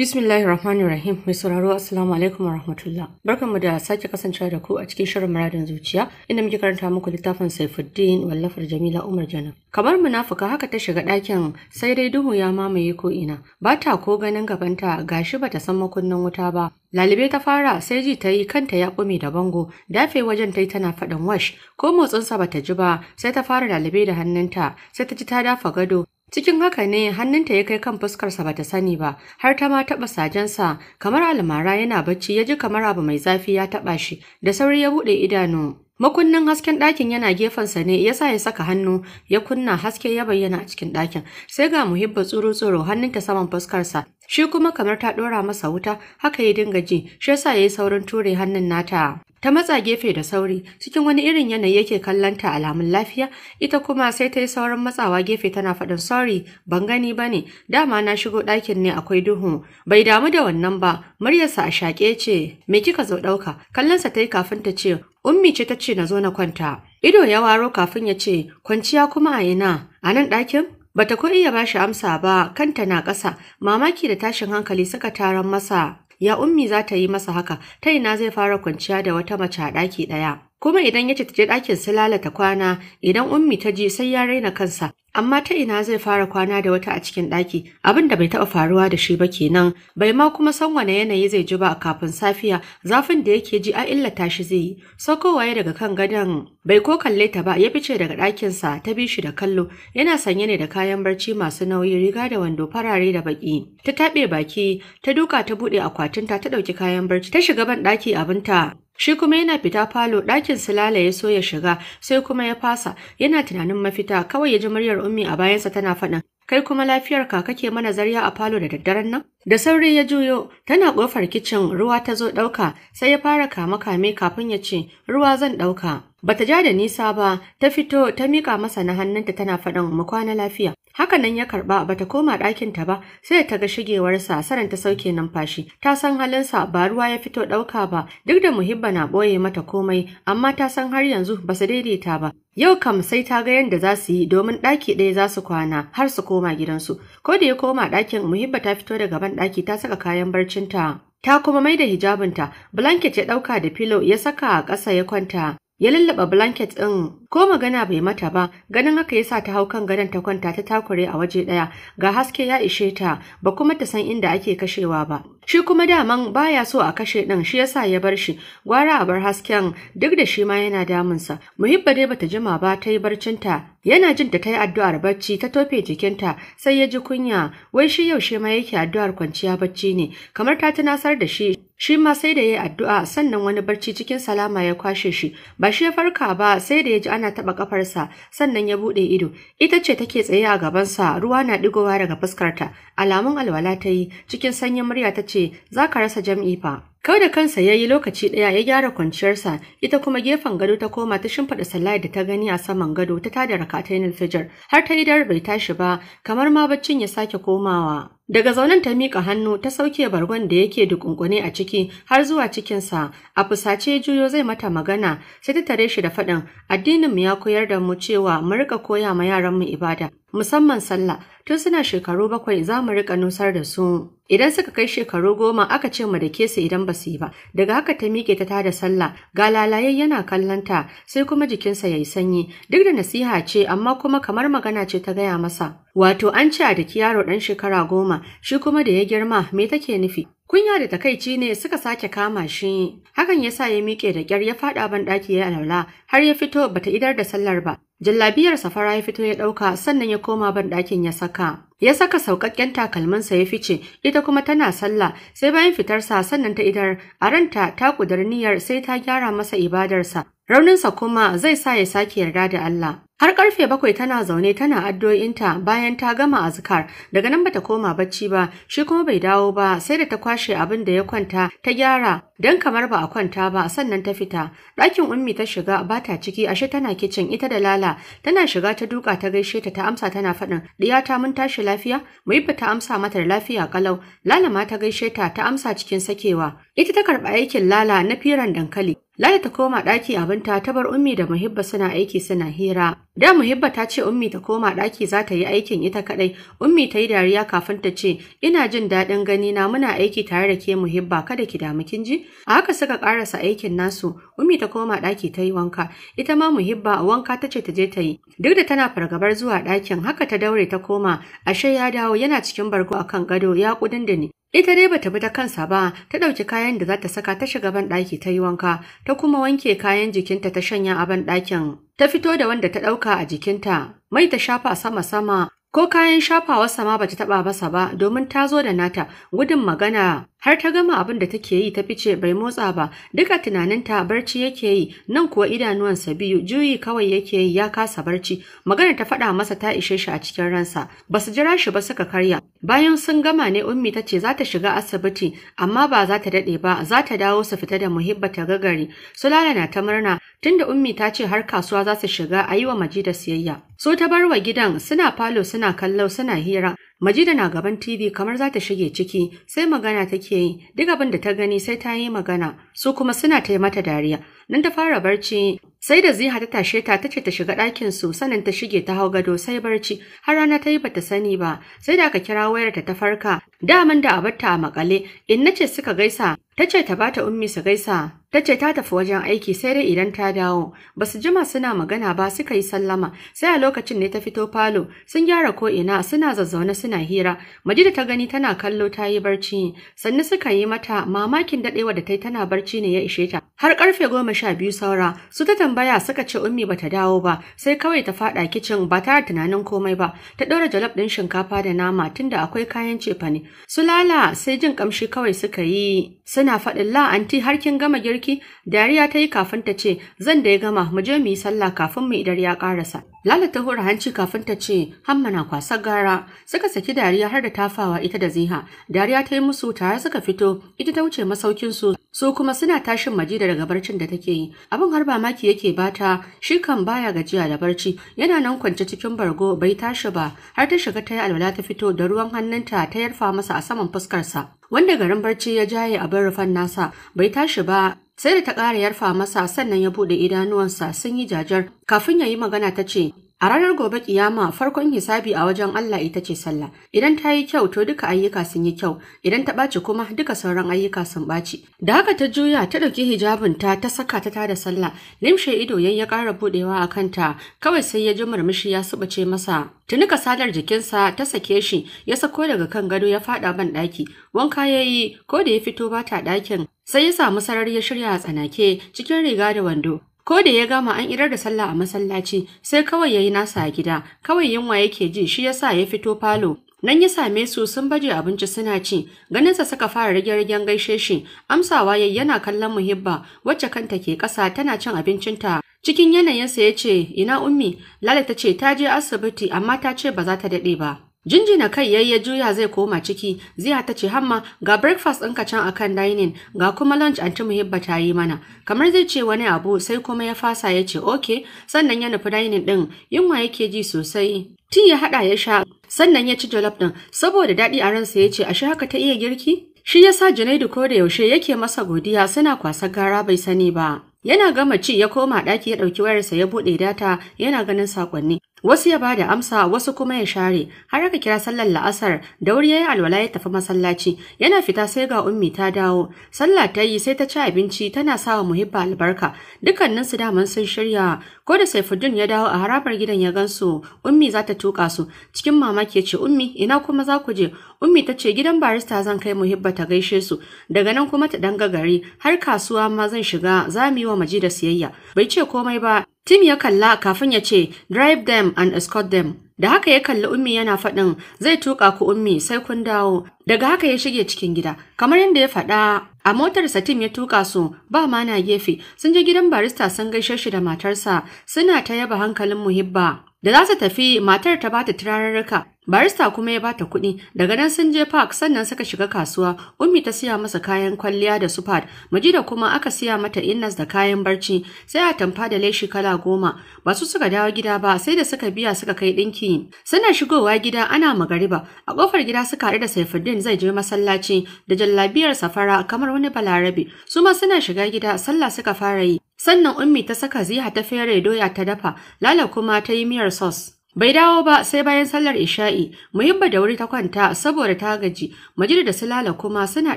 Bismillahi Rahmanir Rahim mai sauraro Assalamu alaikum warahmatullah. Barkanmu da sake kasancewa da ku a cikin shirin muradin zuciya inda muke karanta muku littafin Saifuddin wallafar Jamila Umar Janab. Kamar munafuka haka ta shiga ɗakin sai dai duhu ya mamaye ko ina. Ba ta ko ganin gabanta gashi bata san makunnin wuta ba. Lalibe ta fara sai ji ta yi kanta ya ƙume da bango dafe wajen ta yi tana faɗin wash ko motsinsa bata ji ba sai ta fara lalibe da hannunta sai ta ji ta dafa gado Cikin haka ne hannunta ya kai kan fuskarsa ba ta sani ba, har ta ma taɓa sajensa, kamar almara yana bacci ya ji kamar abu mai zafi ya taɓa shi, da sauri ya buɗe idanu. Makunnin hasken ɗakin yana gefensa ne yasa ya saka hannu ya kunna haske ya bayyana a cikin ɗakin. Sai ga muhibba tsoro-tsoro hannunta saman fuskarsa. Shi kuma kamar ta ɗora masa wuta haka ya dinga ji shi yasa ya yi saurin ture hannun nata. Ta matsa gefe da sauri cikin wani irin yanayi yake kallon ta alamun lafiya ita kuma sai ta yi saurin matsawa gefe tana faɗin sorry ban gani ba ne dama na shigo ɗakin ne akwai duhu bai damu da wannan ba muryarsa a shaƙe ce me kika zo ɗauka kallonsa ta yi kafin ta ce Ummi ce ta ce na zo na kwanta. Ido ya waro kafin ya ce, kwanciya kuma a ina, a nan ɗakin? Bata ko iya ba shi amsa ba, kanta na ƙasa, mamaki da tashin hankali suka taron masa. Ya ummi za ta yi masa haka, ta ina zai fara kwanciya da wata mace a ɗaki ɗaya. Kuma idan ya ce ta je ɗakin su lalata kwana, idan ummi ta ji sai ya raina kansa, amma ta ina zai fara kwana da wata a cikin ɗaki abin da bai taɓa faruwa da shi ba kenan bai ma kuma san wane yanayi zai ji ba kafin safiya zafin da yake ji a illata shi zai yi saukowa ya daga kan gadon bai ko kalle ta ba ya fice daga ɗakinsa ta bi shi da kallo yana sanye ne da kayan barci masu nauyi riga da wando farare da baki ta taɓe baki ta duka ta buɗe akwatinta ta ɗauki kayan barci ta shiga ban ɗaki abinta Shi kuma yana fita falo ɗakin su ya so ya shiga sai kuma ya fasa yana tunanin mafita kawai ya ji muryar ummi a bayansa tana faɗin. Kai kuma lafiyar ka kake mana zarya a falo da daddaren nan? Da sauri ya juyo tana ƙofar kicin ruwa ta zo ɗauka sai ya fara kama kame kafin ya ce ruwa zan ɗauka. Bata ja da nisa ba ta fito ta miƙa masa na hannunta tana faɗin mu kwana lafiya. Haka nan ya karba bata koma ɗakin ta ba sai ta ga shigewarsa saran ta sauke numfashi ta san halin sa ba ruwa ya fito ɗauka ba duk da muhibba na ɓoye mata komai amma ta san har yanzu ba su daidaita ba yau kam sai ta ga yadda za su yi domin ɗaki ɗaya za su kwana har su koma gidansu ko da ya koma ɗakin muhibba ta fito daga ban ɗaki ta saka kayan barcinta ta kuma mai da hijabinta blanket ya ɗauka da pillow ya saka a ƙasa ya kwanta ya lullaba blanket ɗin ko magana bai mata ba ganin haka ya sa ta hau kan gadon ta kwanta ta takure a waje ɗaya ga haske ya ishe ta ba kuma ta san inda ake kashewa ba shi kuma daman baya so a kashe ɗin shi yasa ya bar shi gwara a bar hasken duk da shi ma yana damunsa muhibba dai bata jima ba ta yi barcinta yana jin ta ta yi addu'ar bacci ta tofe jikinta sai ya ji kunya wai shi yaushe ma yake addu'ar kwanciya bacci ne kamar ta tunasar da shi shi ma sai da ya yi addu'a sannan wani barci cikin salama ya kwashe shi ba shi ya farka ba sai da ya ji ana taɓa ƙafarsa sannan ya buɗe ido ita ce take tsaye a gabansa ruwa na ɗigowa daga fuskarta alamun alwala ta yi cikin sanyin murya ta ce za ka rasa jam'i fa Kau da kansa ya yi lokaci ɗaya ya gyara kwanciyarsa, ita kuma gefen gado ta koma ta shimfiɗa sallaya da ta gani a saman gado ta tada rakatai na fijar, har ta dar bai tashi ba, kamar ma baccin ya sake komawa. Daga zaunen ta miƙa hannu ta sauke bargon da yake dukunkune a ciki har zuwa cikinsa, a fusace juyo zai mata magana sai ta tare shi da faɗin addininmu ya koyar da mu cewa mu rika koya ma yaranmu ibada, musamman sallah tun suna shekaru bakwai za mu rika nusar da su. Idan suka kai shekaru goma aka ce mu da kesa idan ba su yi ba, daga haka ta miƙe ta tada sallah ga lalaye yana kallonta sai kuma jikinsa ya yi sanyi duk da nasiha ce amma kuma kamar magana ce ta gaya masa. Wato an ci a daki yaro ɗan shekara goma shi kuma da ya girma me take nufi? Kunya da takaici ne suka sake kama shi. Hakan ya sa ya miƙe da ƙyar ya faɗa ban ɗaki ya alaula har ya fito bata idar da sallar ba. Jallabiyar safara ya fito ya ɗauka sannan ya koma ban ɗakin ya saka. Ya saka sauƙaƙƙen takalminsa ya fice, ita kuma tana sallah sai bayan fitarsa sannan ta idar a ranta ta ƙudurniyar sai ta gyara masa ibadarsa. Rauninsa kuma zai sa ya sake yarda da Allah. Har karfe bakwai tana zaune tana addu'o'inta bayan ta gama azkar daga nan bata koma bacci ba shi kuma bai dawo ba sai da ta kwashe abin da ya kwanta ta gyara dan kamar ba a kwanta ba sannan ta fita ɗakin ummi ta shiga bata ciki ashe tana kicin ita da lala tana shiga ta duka ta gaishe ta ta amsa tana faɗin ɗiyata mun tashi lafiya Mu yi ta amsa mata da lafiya kalau lala ma ta gaishe ta ta amsa cikin sakewa ita ta karɓa aikin lala na firan dankali Ladi ta koma ɗaki abinta ta bar Ummi da Muhibba suna aiki suna hira. Da Muhibba ta ce Ummi ta koma ɗaki za ta yi aikin ita kaɗai. Ummi ta yi dariya kafin ta ce, "Ina jin daɗin gani na muna aiki tare da ke Muhibba kada ki damu kin ji?" A haka suka ƙarasa aikin nasu. Ummi ta koma ɗaki ta yi wanka. Ita ma Muhibba wanka ta ce ta je ta yi. Duk da tana fargabar zuwa ɗakin haka ta daure ta koma. Ashe ya dawo yana cikin bargo akan gado ya kudin da ni. Ita dai bata bi ta kansa ba, ta ɗauki kayan da za ta saka ta shiga ban ɗaki ta yi wanka, ta kuma wanke kayan jikinta ta shanya a ban ɗakin. Ta fito da wanda ta ɗauka a jikinta, mai ta shafa sama-sama, Ko kayan shafawarsa ma bata taɓa basa ba domin ta zo da nata gudun magana har ta gama abin da take yi ta fice bai motsa ba duka tunaninta barci yake yi nan kuwa idanuwansa biyu juyi kawai yake yi ya kasa barci magana ta faɗa masa ta ishe shi a cikin ransa ba su jira shi ba suka karya bayan sun gama ne ummi ta ce za ta shiga asibiti amma ba za ta daɗe ba za ta dawo su fita da muhibba ta gagari sulala na ta murna Tunda Ummi ta ce har kasuwa za su shiga a yi wa Majida siyayya. So ta bar wa gidan suna falo suna kallo suna hira. Majida na gaban TV kamar za ta shige ciki sai magana take yi duk abin da ta gani sai ta yi magana su kuma suna ta mata dariya. Nan ta fara barci sai da Ziha ta tashe ta ta ce ta shiga ɗakin su sanin ta shige ta hau gado sai barci har rana ta yi bata sani ba sai da aka kira wayar ta ta farka daman da abarta a makale in ce suka gaisa Ta ce ta bata ummi su gaisa Ta ce ta tafi wajen aiki sai dai idan ta dawo. Ba su jima suna magana ba suka yi sallama. Sai a lokacin ne ta fito falo. Sun gyara ko ina suna zazzaune suna hira. Majida ta gani tana kallo ta yi barci. Sannu suka yi mata mamakin dadewa da ta tana barci ne ya ishe ta. Har karfe goma sha biyu saura su ta tambaya suka ce ummi bata dawo ba sai kawai ta faɗa kicin ba tare tunanin komai ba. Ta ɗora jalof ɗin shinkafa da nama tunda akwai kayan cefane. Su lala sai jin kamshi kawai suka yi. Suna faɗin la'anti anti har kin gama girki sarki dariya ta yi kafin ta ce zan da ya gama mu je mu yi sallah kafin mu idar ya karasa Lala ta hura hanci kafin ta ce hamma na kwasa gara suka saki dariya har da tafawa ita da ziha dariya ta yi musu tare suka fito ita ta wuce masaukin su su kuma suna tashin majida daga barcin da take yi abin har ba maki yake bata shi kan baya gajiya da barci yana nan kwance cikin bargo bai tashi ba har ta shiga ta yi alwala ta fito da ruwan hannunta ta yarfa masa a saman fuskarsa wanda garin barci ya jaye abin rufan nasa bai tashi ba sai da ta ƙara yarfa masa sannan ya buɗe idanuwansa sun yi jajar kafin ya yi magana ta ce A ranar gobe kiyama farkon hisabi a wajen Allah ita ce sallah. Idan ta yi kyau to duka ayyuka sun yi kyau, idan ta ɓaci kuma duka sauran ayyuka sun ɓaci. Da haka ta juya ta ɗauki hijabin ta ta saka ta tada sallah. Limshe ido yayi ya ƙara buɗewa a kanta, kawai sai ya ji murmushi ya subace masa. Tuni kasalar jikinsa ta sake shi, ya sako daga kan gado ya faɗa ban ɗaki. Wanka ya yi ko da ya fito bata ɗakin sai ya samu sarari ya shirya a tsanake cikin riga da wando Ko da ya gama an idar da sallah a masallaci, sai kawai yayi nasa a gida, kawai yunwa yake ji shi yasa ya fito falo. Nan ya same su sun baje abinci suna ci, ganinsa suka fara rage-ragen gaishe shi, amsawa yayi yana kallon muhibba wacce kanta ke ƙasa tana cin abincin ta Cikin yanayinsa ya ce, Ina ummi, lalata ta ce ta je asibiti amma ta ce ba za ta dade ba. jinji na kai yayi ya juya zai koma ciki, ziya ta ce hamma ga breakfast ɗinka can a kan dining ga kuma lunch ci muhibba ta yi mana. Kamar zai ce wani abu sai kuma ya fasa ya ce okay sannan ya nufi dining ɗin yunwa yake ji sosai. Ti ya haɗa ya sha sannan ya ci jollof ɗin saboda daɗi a ransa ya ce ashe haka ta iya girki? Shi ya sa Junaidu ko da yaushe yake masa godiya suna kwasa gara bai sani ba. Yana gama ci ya koma ɗaki ya ɗauki wayarsa ya buɗe data yana ganin sakonni. Wasu ya bada amsa wasu kuma ya share har aka kira sallar la'asar da wuri yi alwala ya tafi masallaci yana fita sai ga ummi ta dawo sallah ta yi sai ta ci abinci tana sawa muhibba albarka dukkanin su daman sun shirya ko da Saifuddin ya dawo a harabar gidan ya gansu ummi za ta tuka su cikin mamaki ya ce ummi ina kuma za ku je ummi ta ce gidan barista zan kai muhibba ta gaishe su daga nan kuma ta danga gari har kasuwa ma zan shiga za mu yi wa maji da siyayya bai ce komai ba Tim ya kalla kafin ya ce, "Drive them and escort them." Da haka ya kalli Ummi yana faɗin, "Zai tuƙa ku Ummi sai kun dawo." Daga haka ya shige cikin gida. Kamar yadda ya faɗa, a motarsa Tim ya tuƙa su, ba ma na gefe. Sun je gidan barista sun gaishe shi da matarsa, suna ta yaba hankalin Muhibba. Da za su tafi matar ta bata turarurruka, barista kuma ya bata kuɗi. Daga nan sun je park sannan suka shiga kasuwa. Ummi ta siya masa kayan kwalliya da su pad. da kuma aka siya mata innas da kayan barci. Sai a tamfa da leshi kala goma. Ba su suka dawo gida ba sai da suka biya suka kai ɗinki. Suna shigowa gida ana magariba. A ƙofar gida suka haɗu da Saifuddin zai je masallaci da jallabiyar safara kamar wani balarabe. Su ma suna shiga gida sallah suka fara yi. Sannan Ummi ta saka ziha ta fere doya ta dafa, Lala kuma ta yi miyar sos. Bai dawo ba sai bayan sallar Isha'i, Muhibba da wuri ta kwanta saboda ta gaji, Majidu da su lala kuma suna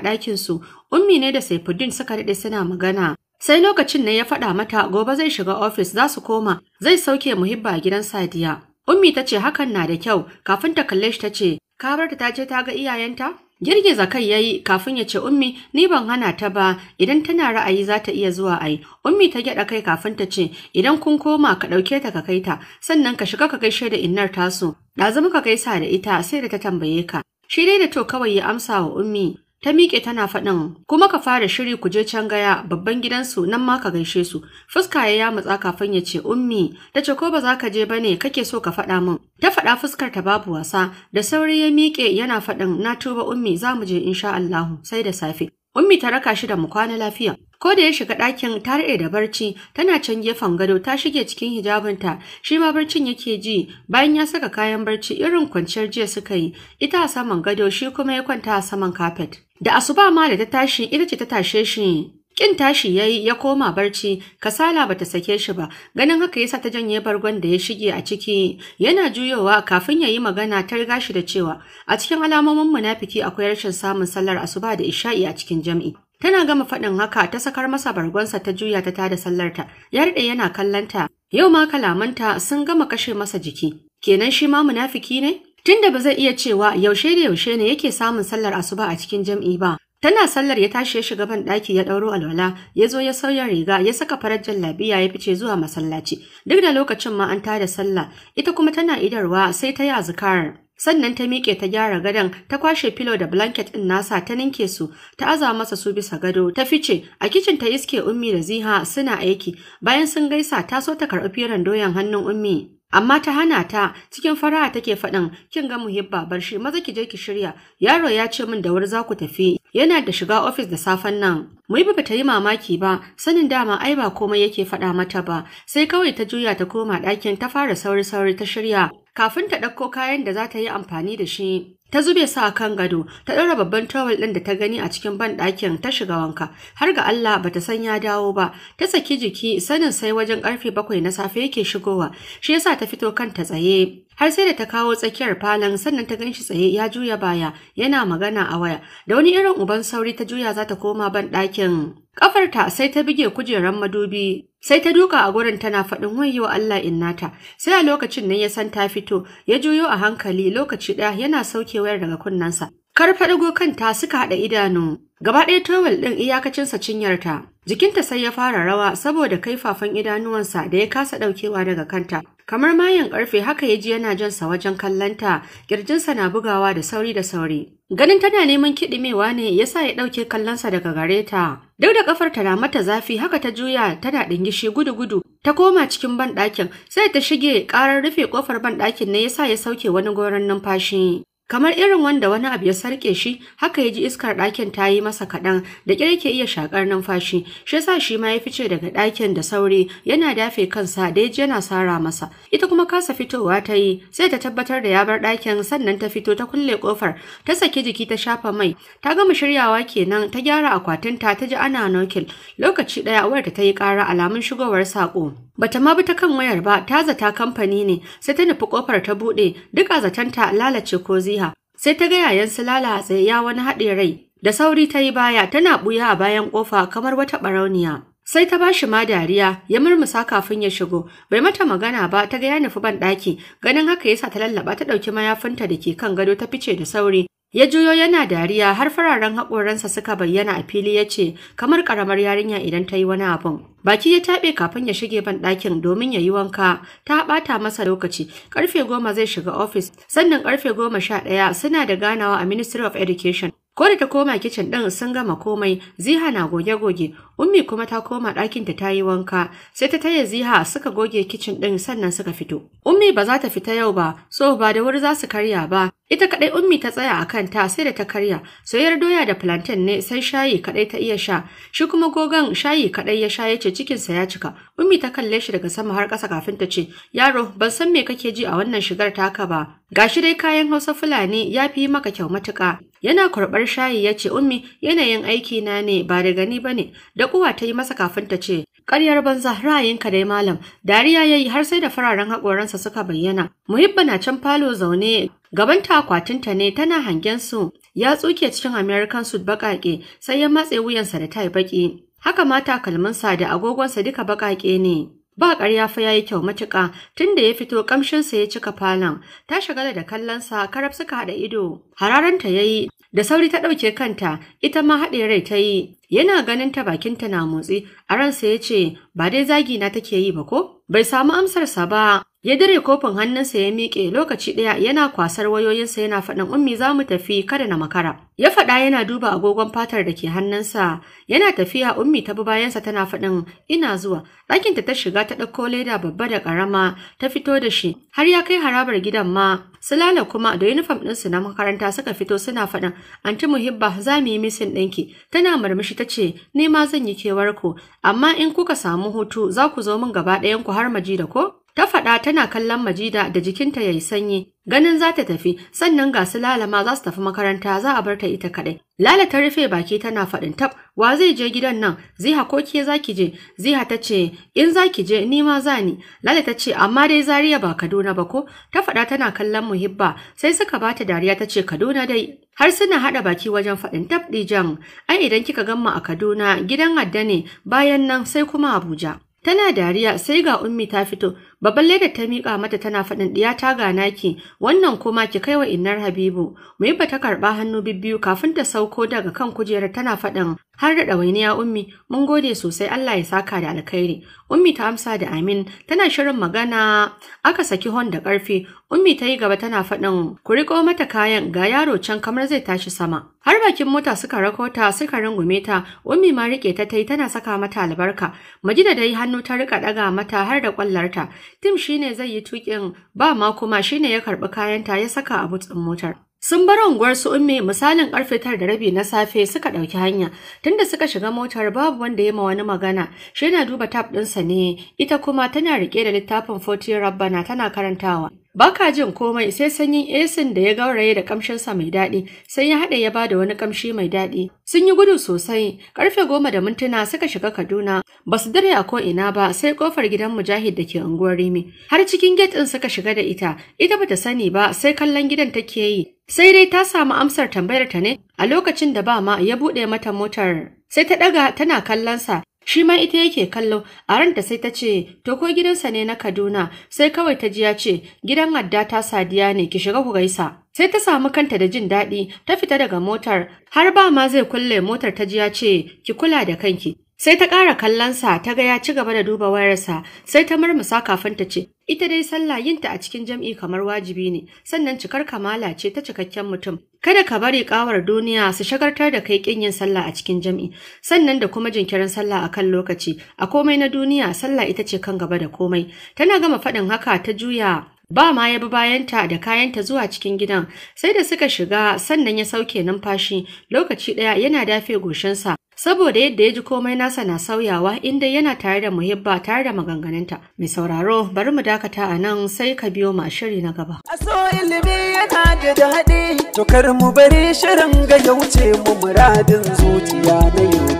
ɗakin su, Ummi ne da Saifuddin suka daɗe suna magana. Sai lokacin ne ya faɗa mata gobe zai shiga ofis za su koma, zai sauke Muhibba a gidan Sadiya. Ummi ta ce hakan na da kyau, kafin ta kalle shi ta ce, ka bar ta je ta ga iyayenta? Girgiza kai yayi kafin ya ce Ummi ni ban hana ta ba idan tana ra'ayi za ta iya zuwa ai. Ummi ta gyada kai kafin ta ce idan kun koma ka dauke ta ka kai ta sannan ka shiga ka gaishe da innar tasu. ka kai gaisa da ita sai da ta tambaye ka. Shi dai da to kawai ya amsa wa Ummi ta miƙe tana faɗin kuma ka fara shiri ku je can gaya babban gidansu nan ma ka gaishe su fuska ya ya matsa kafin ya ce ummi ta ce ko ba za ka je ba ne kake so ka faɗa min ta faɗa fuskar ta babu wasa da sauri ya miƙe yana faɗin na tuba ummi za mu je insha Allahu sai da safe Ummi ta raka shi da mu kwana lafiya. Ko da ya shiga ɗakin ta daɗe da barci, tana can gefen gado ta shige cikin hijabinta, shi ma barcin yake ji bayan ya saka kayan barci irin kwanciyar jiya suka yi, ita a saman gado shi kuma ya kwanta a saman kafet. Da asuba ma da ta tashi ita ce ta tashe shi Kin tashi ya ya koma barci, kasala bata sake shi ba, ganin haka yasa ta janye bargon da ya shige a ciki, yana juyowa kafin ya yi magana ta riga shi da cewa, a cikin alamomin munafiki akwai rashin samun sallar asuba da isha'i a cikin jami'i. Tana gama faɗin haka ta sakar masa bargonsa ta juya ta tada sallarta, ya daɗe yana kallanta, yau ma kalamanta sun gama kashe masa jiki. Kenan shi ma munafiki ne? Tunda ba zai iya cewa yaushe da yaushe ne yake samun sallar asuba a cikin jam'i ba, Tana sallar ya tashi ya shiga ban ɗaki ya ɗauro alwala, ya zo ya sauya riga, ya saka farar jallabiya ya fice zuwa masallaci. Duk da lokacin ma an tada sallah, ita kuma tana idarwa sai ta yi azkarar. Sannan ta miƙe ta gyara gadon, ta kwashe filo da blanket ɗin nasa ta ninke su, ta aza masa su bisa gado, ta fice, a kicin ta iske ummi da ziha suna aiki, bayan sun gaisa ta so ta karɓi firan doyan hannun ummi. Amma ta hana ta cikin fara'a take faɗin kin ga muhibba bar shi maza ki je ki shirya yaro ya ce min da wuri za ku tafi yana da shiga ofis da safen nan muhibba ba ta yi mamaki ba sanin dama ai ba komai yake faɗa mata ba sai kawai ta juya ta koma ɗakin ta fara sauri sauri ta shirya kafin ta ɗauko kayan da za ta yi amfani da shi. Ta zube sa a kan gado, ta ɗora babban tawul ɗin da ta gani a cikin banɗakin ta shiga wanka, har ga Allah ba ta san ya dawo ba, ta saki jiki sanin sai wajen ƙarfe bakwai na safe yake shigowa, shi yasa ta fito kanta tsaye. har sai da ta kawo tsakiyar falon sannan ta ganshi tsaye ya juya baya yana magana a waya da wani irin uban sauri ta juya za ta koma ban ɗakin kafarta sai ta buge kujeran madubi sai ta duka a gurin tana faɗin wayewa Allah innata sai a lokacin nan ya san ta fito ya juyo a hankali lokaci ɗaya yana sauke wayar daga kunnensa kar faɗigo kanta suka haɗa idanu gaba ɗaya towel ɗin iyakacinsa cinyarta jikinta sai ya fara rawa saboda kaifafan idanuwansa da ya kasa ɗaukewa daga kanta Kamar mayan ƙarfe haka ya ji yana jansa wajen kallonta, ƙirjinsa na bugawa da sauri da sauri. Ganin tana neman kiɗimewa ne ya sa ya ɗauke kallonsa daga gare ta. Duk da ƙafarta na mata zafi haka ta juya tana ɗingishi gudu-gudu ta koma cikin banɗakin sai ta shige ƙarar rufe ƙofar banɗakin ne ya sa ya sauke wani goron numfashi. kamar irin wanda wani abu ya sarke shi haka ya ji iskar ɗakin ta yi masa kaɗan da ƙyar yake iya shaƙar numfashi shi yasa shi ma ya fice daga ɗakin da sauri yana dafe kansa da ya ji yana sara masa ita kuma kasa fitowa ta yi sai ta tabbatar da ya bar ɗakin sannan ta fito ta kulle ƙofar ta saki jiki ta shafa mai ta gama shiryawa kenan ta gyara akwatinta ta ji ana nokil lokaci ɗaya wayarta ta yi ƙara alamun shigowar saƙo Bata ma bi ta kan wayar ba ta zata kamfani ne sai ta nufi ƙofar ta buɗe duk a zatanta lalace ko ziha sai ta ga yan Sulala tsaye ya wani haɗe rai da sauri ta yi baya tana ɓuya a bayan ƙofa kamar wata ɓarauniya. Sai ta bashi ma dariya ya murmusa kafin ya shigo, bai mata magana ba ta ga ya nufi ban ɗaki, ganin haka yasa ta lallaɓa ta ɗauki mayafinta da ke kan gado ta fice da sauri. Ya juyo yana dariya har fararen haƙoransa suka bayyana a fili ya ce, kamar ƙaramar yarinya idan ta yi wani abun. Baki ya taɓe kafin ya shige ban ɗakin domin ya yi wanka, ta ɓata masa lokaci. Ƙarfe goma zai shiga ofis, sannan ƙarfe goma sha ɗaya suna da ganawa a Ministry of Education. Ko da ta koma kicin ɗin sun gama komai, Ziha na goge-goge, Ummi kuma ta koma ɗakinta ta yi wanka, sai ta taya Ziha suka goge kicin ɗin sannan suka fito. Ummi ba za ta fita yau ba, so ba da wuri za su karya ba. Ita kaɗai Ummi ta tsaya a kanta sai da ta karya, soyar doya da plantain ne sai shayi kaɗai ta iya sha, shi kuma gogon shayi kaɗai ya sha ya ce cikinsa ya cika. Ummi ta kalle shi daga sama har ƙasa kafin ta ce, Yaro, ban san me kake ji a wannan shigar taka ba, gashi dai kayan Hausa Fulani ya fi maka kyau matuƙa. Yana kurɓar shayi ya ce, Ummi, yanayin aiki na ne ba da gani ba ne, da kuwa ta yi masa kafin ta ce, Ƙaryar banza ra'ayinka dai malam, dariya ya yi har sai da fararen haƙoransa suka bayyana. Muhibba na can falo zaune, gaban akwatinta ne tana hangen su, ya tsuke cikin American suit baƙaƙe, sai ya matse wuyansa da tai baƙi. Haka mata kalmansa da agogonsa duka baƙaƙe ne. Ba ƙarya fa yayi kyau matuƙa tunda ya fito ƙamshinsa ya cika falon. Ta shagala da kallonsa karab suka haɗa ido. Hararanta yayi da sauri ta ɗauke kanta ita ma haɗe rai ta yi. Yana ganin ta bakinta na motsi a ransa ya ce ba dai zagi na take yi ba ko? Bai samu amsarsa ba Ya dire kofin hannunsa ya miƙe lokaci ɗaya yana kwasar wayoyinsa yana faɗin ummi za mu tafi kada na makara. Ya faɗa yana duba agogon fatar da ke hannunsa yana tafiya ummi ta bi bayansa tana faɗin ina zuwa. Ɗakinta ta shiga ta ɗauko leda babba da ƙarama ta fito da shi har ya kai harabar gidan ma. Sulala kuma da yunifom ɗinsu na makaranta suka fito suna faɗin anti muhibba za mu yi misin ɗinki. Tana murmushi ta ce ni ma zan yi kewar ku amma in kuka samu hutu za ku zo min gaba ɗayan ku har maji da ko? Ta faɗa tana kallon Majida da jikinta yayi sanyi, ganin za ta tafi, sannan ga su lalama za su tafi makaranta za a bar ta ita kaɗai. Lala ta rufe baki tana faɗin tab, wa zai je gidan nan? Ziha ko ke za ki je? Ziha ta ce, in za ki je ni ma za ni. Lala ta ce, amma dai Zariya ba Kaduna ba ko? Ta faɗa tana kallon Muhibba, sai suka ba ta dariya ta ce Kaduna dai. Har suna haɗa baki wajen faɗin tab ɗijan, ai idan kika gamma a Kaduna gidan adda ne bayan nan sai kuma Abuja. Tana dariya sai ga ummi ta fito, babban leda ta miƙa mata tana faɗin ɗiya ta gana ki, wannan kuma ki kai wa innar Habibu. ba ta karɓa hannu biyu-biyu, kafin ta sauko daga kan kujerar tana faɗin Har da ɗawainiya Ummi, mun gode sosai Allah ya saka da alkhairi. Ummi ta amsa da Amin, tana shirin magana aka saki hon da ƙarfi. Ummi ta yi gaba tana faɗin ku riƙo mata kayan ga yaro can kamar zai tashi sama. Har bakin mota suka rakota suka rungume ta, Ummi ma riƙe ta ta yi tana saka mata albarka. Majida da yi hannu ta riƙa ɗaga mata har da ƙwallarta. Tim shine zai yi tuƙin ba ma kuma shine ya karɓi kayanta ya saka a butsin motar. Sun bar unguwar su umme misalin karfe tara da rabi na safe suka ɗauki hanya. Tunda suka shiga motar babu wanda ya ma wani magana. Shi yana duba tab ɗinsa ne, ita kuma tana riƙe da littafin 40 Rabbana tana karantawa. Baka jin komai sai sanyin esin da ya gauraye da kamshinsa mai daɗi, sai ya haɗe ya ba da wani kamshi mai daɗi. Sun yi gudu sosai, karfe goma da mintuna suka shiga Kaduna, ba su dare a ko'ina ba sai kofar gidan Mujahid da ke unguwar Rimi. Har cikin get ɗin suka shiga da ita, ita bata sani ba sai kallon gidan take yi. Sai dai ta samu amsar tambayar ta ne a lokacin da ba ma ya buɗe mata motar. Sai ta ɗaga tana kallon sa. Shi ma ita yake kallo, a ranta sai ta ce, To ko gidansa ne na Kaduna, sai kawai ta ji ya ce, Gidan adda ta sadiya ne, ki shiga ku gaisa. Sai ta samu kanta da jin daɗi, ta fita daga motar, har ba ma zai kulle motar ta ji ya ce, Ki kula da kanki. Sai ta ƙara kallonsa ta ga ya ci gaba da duba wayarsa sai ta murmusa kafin ta ce ita dai sallah yinta a cikin jam'i kamar wajibi ne sannan cikar kamala ce ta cikakken mutum kada ka bari kawar duniya su shagartar da kai kin yin sallah a cikin jam'i sannan da kuma jinkirin sallah a kan lokaci a komai na duniya sallah ita ce kan gaba da komai tana gama faɗin haka ta juya ba ma ya bi bayanta da kayanta zuwa cikin gidan sai da suka shiga sannan ya sauke numfashi lokaci ɗaya yana dafe goshinsa Saboda yadda ya ji komai nasa na sauyawa inda yana tare da muhibba tare da maganganunta. Mai sauraro bari mu dakata a nan sai ka biyo ma shiri na gaba. Aso ilimi yana da daɗi, to kar mu bari shirin ga ya wuce mu muradin zuciya na yau.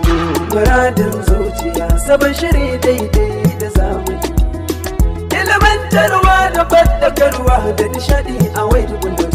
Muradin zuciya sabon shiri daidai da zamani. Ilimantarwa da faɗakarwa, da nishaɗi a wai